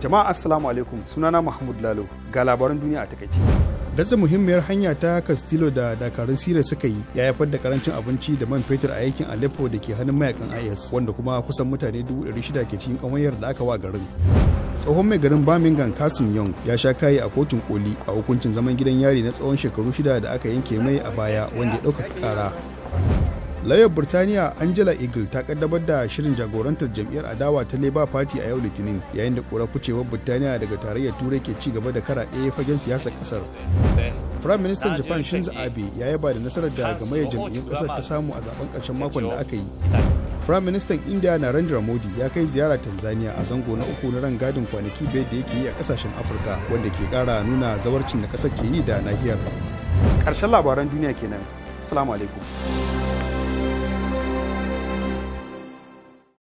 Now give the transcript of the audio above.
Jama'a Assalamu alaikum sunana Mahmud Lalo ga labaran duniya a takaice. Datsa muhimmiyar hanya ta Castillo da dakarun Siriya suka yi ya haifar da karancin abinci da man fetur a yankin Aleppo da ke hannun mayakan IS wanda kuma kusan mutane 600 ke cikin kawayar da aka wa garin. Tsohon mai garin Birmingham Kasim Young ya sha kayi a kotun koli a hukuncin zaman gidan yari na tsawon shekaru shida da aka yanke mai a baya wanda ya ɗaukaka ƙara. Layar Burtaniya Angela Eagle ta kaddamar da shirin jagorantar jam'iyyar adawa ta Labour Party a yau Litinin yayin da kura kucewar Burtaniya daga tarayyar Turai ke ci gaba da kara ɗaya fagen siyasar ƙasar. Prime Minister Japan Shinzo Abe ya yaba da nasarar da gamayyar jam'iyyun ƙasar ta samu a zaben ƙarshen makon da aka yi. Prime Minister India Narendra Modi ya kai ziyara Tanzania a zango na uku na rangadin kwanaki biyar da yake yi a kasashen Afirka wanda ke kara nuna zawarcin da ƙasar ke yi da nahiyar. karshen labaran duniya kenan. Assalamu alaikum.